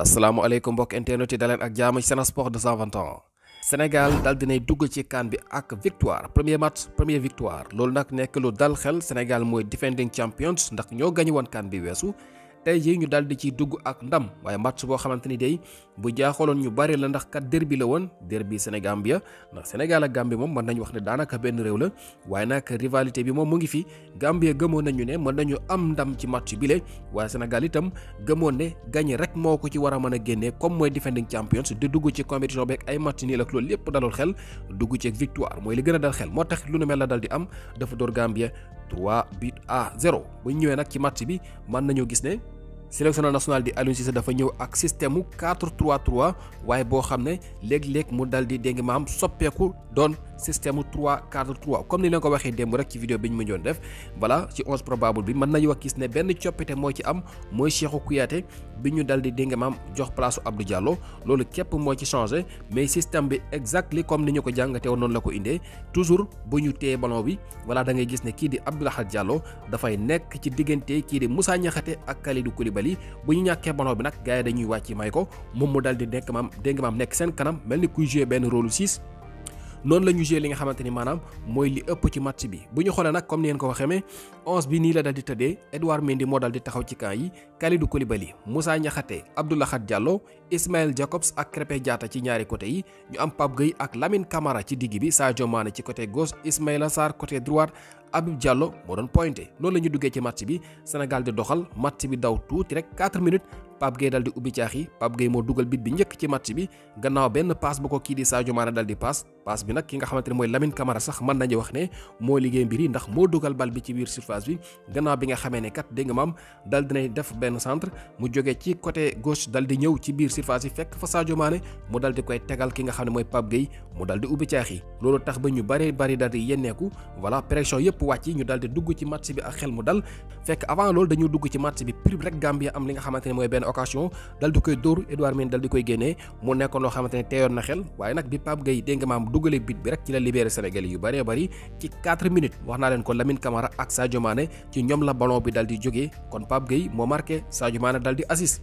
asalaamualeykum mbokk internet yi daleen ak jaamu ci Sen Sport 221 Sénégal dal dinay dugg ci kaan bi ak victoire premier match premier victoire loolu nag nekk lu dal xel Sénégal mooy defending champions ndax ñoo gañu woon kaan bi weesu tey jii ñu daal di ciy dugg ak ndam waaye match boo xamante ni day bu jaaxaloon ñu bari la ndax kat derbi la woon derbi Sénégambia ndax Sénégal ak Gambie moom mën nañu wax ne daanaka benn réew la waaye nag rivalité bi moom mu ngi fi Gambie gëmoon nañu ne mën nañu am ndam ci match bi le waaye Sénégal itam gëmoon ne gagné rek moo ko ci war a mën a génnee comme mooy defending champions di dugg ci compétition beeg ay match nii la lépp dalul xel dugg ci victoire mooy li gën a xel moo tax lu nu mel la dal di am dafa door Gambie 3 but à 0 bu ñëwee nag ci match bi mën nañu gis ne sélectionneur nationale di Aliou Cissé dafa ñëw ak système 4-3-3 waaye boo xam ne léeg-léeg mu dal di dégg maam soppeeku doon système 3-4-3 comme ni leen ko waxee démb rek ci vidéo bi ñu si def voilà ci 11 probable bi mën nañu wax gis ne benn coppite moo ci am mooy Cheikhou Kouyaté bi ñu dal di dégg maam jox place Abdou Diallo loolu képp moo ci changé mais système bi exactly comme ni ñu ko jàngatee noonu la ko indee toujours bu ñu ballon bi voilà da ngay gis ne kii di Abdou Lahad Diallo dafay nekk ci diggante kii di Moussa Niakhaté ak Kalidou yi bu ñu ñàkkee ballon bi nag gars yi dañuy wàcc may ko moom mu dal di nekk maam dégg maam nekk seen kanam mel ni kuy jouer benn rôle 6 noonu la ñu jouer li nga xamante ni maanaam mooy li ëpp ci match bi bu ñu xoolee nag comme ni ngeen ko waxee 11 bi ni la daldi teude edouard mendi mo daldi taxaw ci camp yi khalidou koulibaly moussa niakhate abdullah khat diallo ismail jacobs ak crepe diata ci ñaari côté yi ñu am pap gueye ak lamine camara ci digi bi sadio mané ci côté gauche ismail assar côté droit abib diallo mo don pointé non lañu duggé ci match bi sénégal di doxal match bi daw tout rek 4 minutes pap gueye daldi ubi tiaxi pap gueye mo duggal bit bi ñëk ci match bi gannaaw ben pass bako ki di sadio mané daldi pass pass bi nak ki nga xamanteni moy lamine camara sax man nañu wax né mo liggé mbiri ndax mo duggal bal bi ci bir surface phase bi gannaaw bi nga xamee ne kat dégg nga maam dal def benn centre mu jóge ci côté gauche dal di ñëw ci biir surface yi fekk fa Sadio Mané mu dal di koy tegal ki nga xam ne mooy Pape Gueye mu dal di ubbi caax loolu tax ba ñu bari bari dal di yenneeku voilà pression yëpp wàcc ñu dal di dugg ci match bi ak xel mu dal fekk avant loolu dañu dugg ci match bi prime rek Gambia am li nga xamante ne mooy benn occasion dal di koy dóor Edouard Mendy dal di koy génnee na xel waaye nag bi Pape Gueye Sadio ci ñoom la ballon bi dal di jógee kon Pape Gueye moo marqué Sadio Mané dal di assist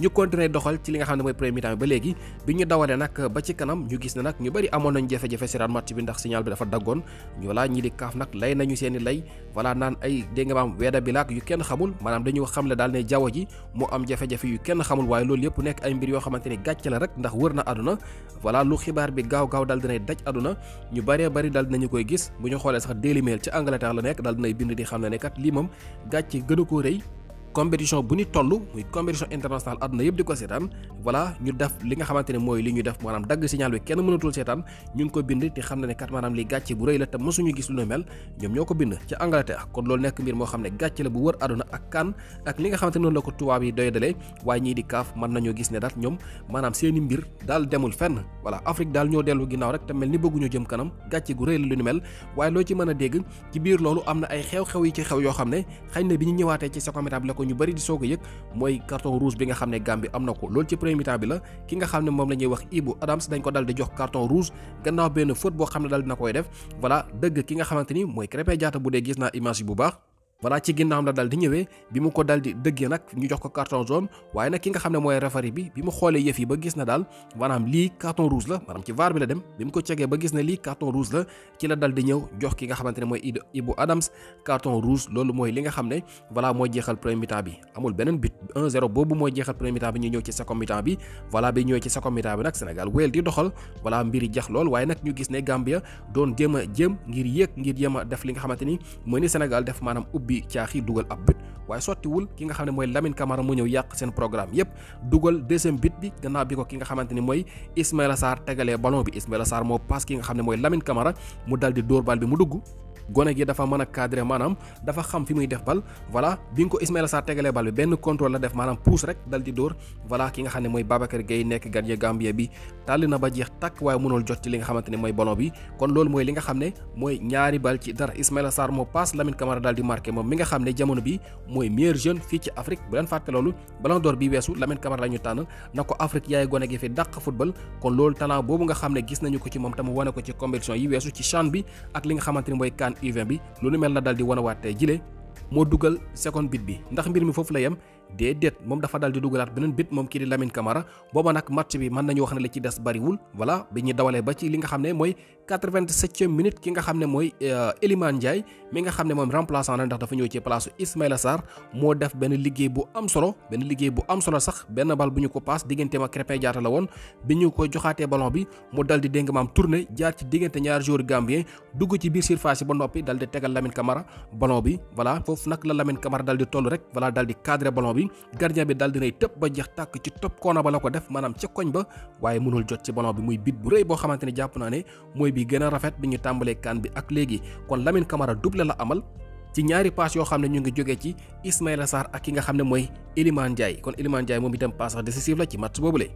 ñu continuer doxal ci li nga xam ne mooy premier mi-temps bi ba léegi bi ñu dawalee nag ba ci kanam ñu gis ne nag ñu bari amoon nañu jafe-jafe si daan bi ndax signal bi dafa daggoon ñu laa ñi di kaaf nag lay nañu seen i lay voilà naan ay dégg nga maam weeda bi laak yu kenn xamul maanaam dañu xam le daal ne jaww ji mu am jafe-jafe yu kenn xamul waaye loolu yëpp nekk ay mbir yoo xamante ni gàcce la rek ndax wër na àdduna voilà lu xibaar bi gaaw gaaw daal dinay daj àdduna ñu bëree bëri daal dinañu koy gis bu ñu xoolee sax Daily Mail ci Angleterre la nekk daal dinay bind di xam ne ne kat lii moom gàcce gën a ko rëy compétition bu ñu toll muy compétition internationale àdduna yëpp di ko seetaan voilà ñu def li nga xamante ne mooy li ñu def maanaam dagg signal bi kenn mënatul seetaan ñu ngi ko bind te xam ne kat maanaam li gàcce bu rëy la te mësuñu gis lu ñu mel ñoom ñoo ko bind ci Angleterre kon loolu nekk mbir moo xam ne gàcce la bu wër àdduna ak kan ak li nga xamante ne noonu ko tubaab yi doy dalee waaye ñii di kaaf mën nañoo gis ne daal ñoom maanaam seeni a dégg ci biir loolu am na ay xew-xew yi ci xew yoo xam ne xëy na bi ñu ñëwaatee ci ko ñu bëri di soog a yëg mooy carton rouge bi nga xam ne Gambie am na ko loolu ci premier mi bi la ki nga xam ne moom la wax Ibu Adams dañ ko dal di jox carton rouge gannaaw benn faute boo xam ne dal dina koy def voilà dëgg ki nga xamante ni mooy Krépin Diatta bu dee gis naa image bu baax voilà ci ginnaawam la dal di ñëwee bi mu ko dal di dëggee nag ñu jox ko carton jaune waaye nag ki nga xam ne mooy référé bi bi mu xoolee yi ba gis na daal maanaam lii carton rouge la maanaam ci VAR dem bi ko cegee ba gis ne lii carton rouge la ci la dal ki nga xamante ne mooy Ibu Adams carton mooy li nga xam ne voilà mooy jeexal premier mi bi amul beneen but 1 boobu mooy jeexal premier mi-temps ñu ñëw ci second bi voilà bi ñëwee ci second mi bi nag Sénégal wéyal di doxal voilà mbiri jax lool waaye nag ñu gis ne Gambia doon jéem a jéem ngir yéeg ngir jéem a def li nga xamante ni mooy ni Sénégal def maanaam ubbi bi caaxi dugal ab but waaye sottiwul ki nga xam ne mooy Lamine Camara mu ñëw yàq seen programme yépp dugal deuxième but bi gannaaw bi ko ki nga xamante ni mooy Ismaïla Sarr tegalee ballon bi Ismaïla Sarr moo passe ki nga xam ne mooy Lamine Camara mu dal di dóor bal bi mu dugg gone gi dafa mën a cadré maanaam dafa xam fi muy def bal voilà bi nga ko Ismaïla Sarr tegalee bal bi benn contrôle la def maanaam pousse rek dal di dóor voilà ki nga xam ne mooy Babacar Gueye nekk gardien Gambie bi tàlli na ba jeex tàkk waaye mënul jot ci li nga xamante mooy ballon bi kon loolu mooy li nga xam ne mooy ñaari bal ci dara Ismaïla Sarr moo passe Lamine Camara daal di marqué moom mi nga xam ne jamono bi mooy meilleur jeune fii ci Afrique bu leen u bi lu nu mel na dal di wanawaat tey jile moo dugal second bit bi ndax mbir mi foofu la yem déedéet moom dafa daal di dugalaat beneen bit moom kii di Lamine Camara booba nag match bi mën nañu wax ne ci des bariwul voilà bi ñu dawalee ba ci li nga xam ne mooy 87e minute ki nga xam ne mooy euh, Elimane Ndiaye mi nga xam ne moom remplaçant na ndax dafa ñëw ci place Ismaïla Sarr moo def benn liggéey bu am solo benn liggéey bu am solo sax benn bal bu ñu ko paas digganteem ak Krépin Diatta la woon bi ñu ko joxaatee ballon bi mu wi gardien bi dal dinay tepp ba jeex tak ci top corner ba lako def manam ci koñ ba waye mënul jot ci ballon bi muy bit bu reuy bo xamanteni japp na ne moy bi gëna rafet biñu tambalé kan bi ak légui kon lamine camara double la amal ci ñaari pass yo xamne ñu ngi joggé ci ismaïla sar ak ki nga xamne moy iliman jay kon iliman jay mom itam passage décisif la ci match bobu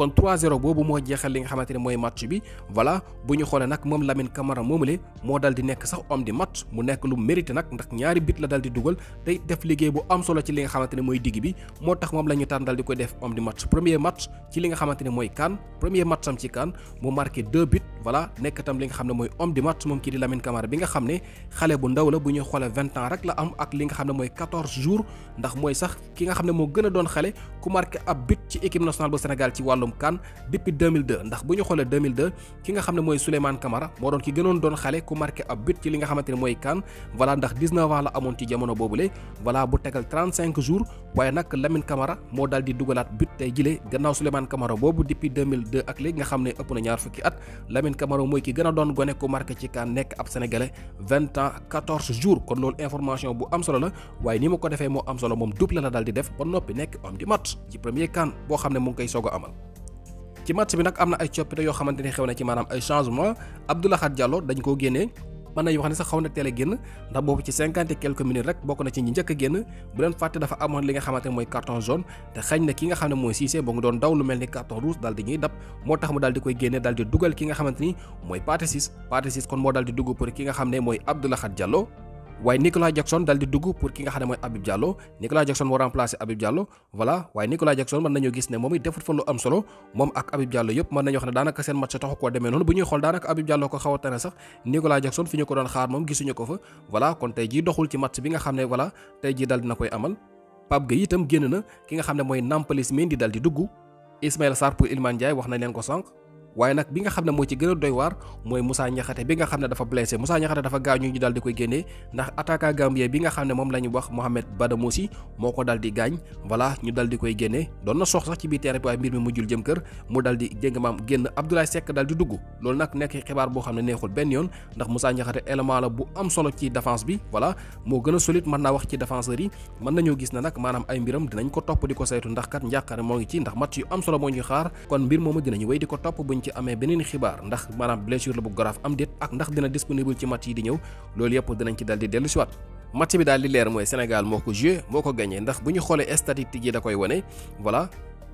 kon 3-0 boobu moo jeexal li nga xamante ne mooy match bi voilà bu ñu xoolee nag moom Lamine Camara moomule moo dal di nekk sax homme di match mu nekk lu mérité nag ndax ñaari bit la dal di dugal tey def liggéey bu am solo ci li nga xamante ne mooy digg bi moo tax moom la ñu tànn dal di koy def homme di match premier match ci li nga xamante ne mooy CAN premier match ci kaan mu marqué 2 buts. voilà nekk tam li nga xam ne mooy homme du match moom kii di Lamine Camara bi nga xam ne xale bu ndaw la bu ñuy xoolee vingt ans rek la am ak li nga xam ne mooy quatorze jours ndax mooy a doon xale ku marqué ab but ci équipe xoolee 2002 ki nga xam ne mooy Souleymane Camara moo doon ki gënoon doon xale ku marqué ab la amoon ci jamono boobule voilà bu tegal 35 jours waaye nag Lamine Camara moo daal di dugalaat but tey jile gannaaw Souleymane Camara boobu depuis ak léegi nga xam ne ëpp na ñaar fukki at Lamine Camara mooy ki gëna doon gone ko marqué ci kan nek ab sénégalais 20 ans 14 jours kon lool information bu am solo la waaye ni mako défé mo am solo mom double la dal di def ba nopi nek homme du match ci premier kan bo xamné mo mu ngi koy soog amal. ci match bi nak amna ay coppite yo xamanteni xewna ci manam ay changement Abdoulaye Diallo dañ ko génnee. man na yoo xam ne sax xaw na teel a génn ndax boobu ci cinquante quelques minutes rek bokk na ci ñi njëkk a génn bu leen fàtte dafa amoon li nga xamante ne mooy carton jaune te xañ na ki nga xam ne mooy siisee ba nga doon daw lu mel ni carton rouge daal di ñuy dab moo tax mu daal di koy génne daal di dugal ki nga xamante ni mooy pâté 6 pâté 6 kon moo daal di dugg pour ki nga xam ne mooy abdoulahad diallo waaye Nicolas Jackson dal di dugg pour ki nga xam ne mooy Habib Diallo Nicolas Jackson moo remplacé Habib Diallo voilà waaye Nicolas Jackson mën nañoo gis ne moom it defut fa lu am solo moom ak Habib Diallo yëpp mën nañoo wax ne daanaka seen match taxu koo demee noonu bu ñuy xool daanaka Habib Diallo ko xaw a sax Nicolas Jackson fi ñu ko doon xaar moom gisuñu ko fa voilà kon tey jii doxul ci match bi nga xam ne voilà tey jii dal dina koy amal Pape Gueye itam génn na ki nga xam ne mooy Nampalys Mendy dal di dugg Ismaïla Sarr pour Iliman Ndiaye wax nañ sànq waaye nag bi nga xam ne moo ci gën a doy waar mooy Moussa Niakhate bi nga xam ne dafa blessé Moussa Niakhate dafa gaañu ñu daal di koy génne ndax attaquant Gambia bi nga xam ne moom la ñu wax Mohamed Badamoussi moo ko daal di gaañ voilà ñu daal di koy génne doon na sox sax ci biir terrain bi waaye mbir mi mu jul jëm kër mu daal di jéng maam génn Abdoulaye Seck daal di dugg loolu nag nekk xibaar boo xam ne neexul benn yoon ndax Moussa Niakhate élément la bu am solo ci défense bi voilà moo gën a solide mën naa wax ci défenseur yi mën nañoo gis ne nag maanaam ay mbiram dinañ ko topp di ko saytu ndax kat njàkkaare moo ngi ci ndax match yu am solo moo ñu xaar kon mbir moomu dinañu wéy di ko topp bu ci amee beneen xibaar ndax maanaam blessure la bu grave am déet ak ndax dina disponible ci match yi di ñëw loolu yëpp dinañ ci dal di dellu siwaat match bi daal li leer mooy Sénégal moo ko joué moo ko gagné ndax bu ñu xoolee statistique yi da koy wane voilà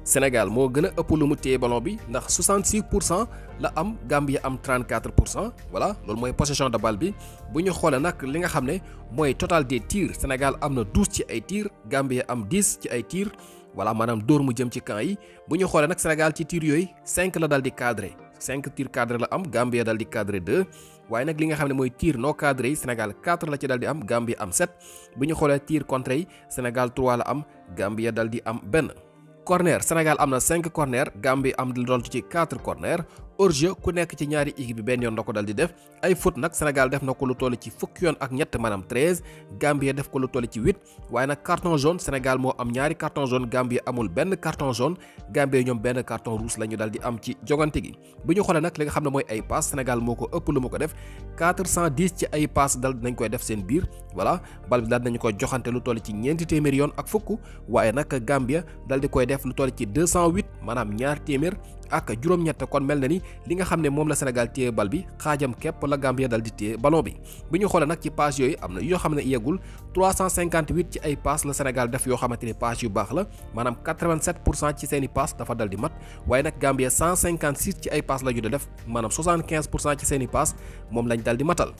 Sénégal moo gën a ëpp lu mu téye ballon bi ndax 66 pour cent la am gamb Gambie am 34 pour cent voilà loolu mooy possession de balle bi bu ñu xoolee nag li nga xam ne mooy total des tirs Sénégal am na 12 ci ay tirs Gambie am 10 ci ay tirs. voilà maanaam dóor mu jëm ci camp yi bu ñu xoolee nag Sénégal ci tir yooyu cinq la dal di cadré 5 tir cadré la am Gambie dal di cadré 2 waaye nag li nga xam ne mooy tiir non cadré yi Sénégal 4 la ci dal di am Gambie am 7 bu ñu xoolee tiir contré yi Sénégal 3 la am Gambie dal di am benn. corner Sénégal am na 5 corner Gambie am lu doon ci 4 corner hors-jeu ku nekk ci ñaari équipe bi benn yoon la ko dal di def ay faute nag Sénégal def na ko lu toll ci fukk yoon ak ñett maanaam 13 Gambie def ko lu toll ci 8 waaye nag carton jaune Sénégal moo am ñaari carton jaune Gambie amul benn carton jaune Gambie ñoom benn carton la ñu dal di am ci jogante gi bu ñu xoolee nga xam ne mooy ay passe Sénégal moo ko ëpp lu mu ko def 410 ci ay passe dal dinañ koy def seen biir voilà bal bi dal dinañu koy lu toll ci ñeenti téeméer yoon ak fukk waaye nag Gambie dal di koy def lu toll ci 208 maanaam ñaar téeméer ak juróom-ñett kon mel na ni li nga xam ne moom la Sénégal téye bal bi xaajam képp la Gambia dal di téye ballon bi bi ñu xoolee nag ci passe yooyu am na yoo xam ne yeggul 358 ci ay passe la Sénégal def yoo xamante ni passe yu baax la maanaam 87 pour cent ci seen i passe dafa dal di mat waaye nag Gambia 156 ci ay passe la ñu def maanaam 75 pour cent ci seen i passe moom lañ dal di matal.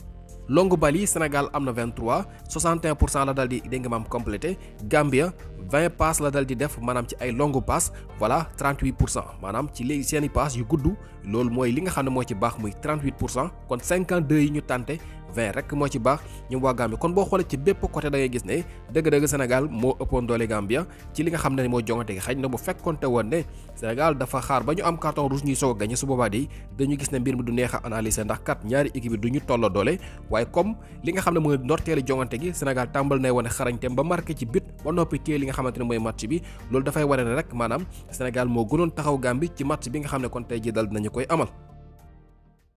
longue bali yi Sénégal am na 23 61 pour cent la dal di dégg nga maam complété Gambia 20 passes la dal di def maanaam ci ay longue passe voilà 38 pour cent maanaam ci léegi seen i passes yu gudd loolu mooy li nga xam ne moo ci baax muy 38 pour cent kon 52 yi ñu tànte vert rek moo ci baax ñoom waa Gambie kon boo xoolee ci bépp côté da ngay gis ne dëgg-dëgg Sénégal moo ëppoon doole Gambia ci li nga xam ne mooy jongante gi xëy na bu fekkonte woon ne Sénégal dafa xaar ba ñu a gagné su boobaa di dañu gis ne mbir mi du neex a ndax kat ñaari équipe yi du ñu tolloo doole waaye comme li nga xam ne mooy ndorteeli jongante gi Sénégal tàmbal nay wane xarañteem ba marqué ci but ba noppi téye li nga xamante ne mooy match bi loolu dafay wane ne rek maanaam Sénégal moo gënoon taxaw Gambie ci match bi nga xam ne kon tey ji dal dinañu koy amal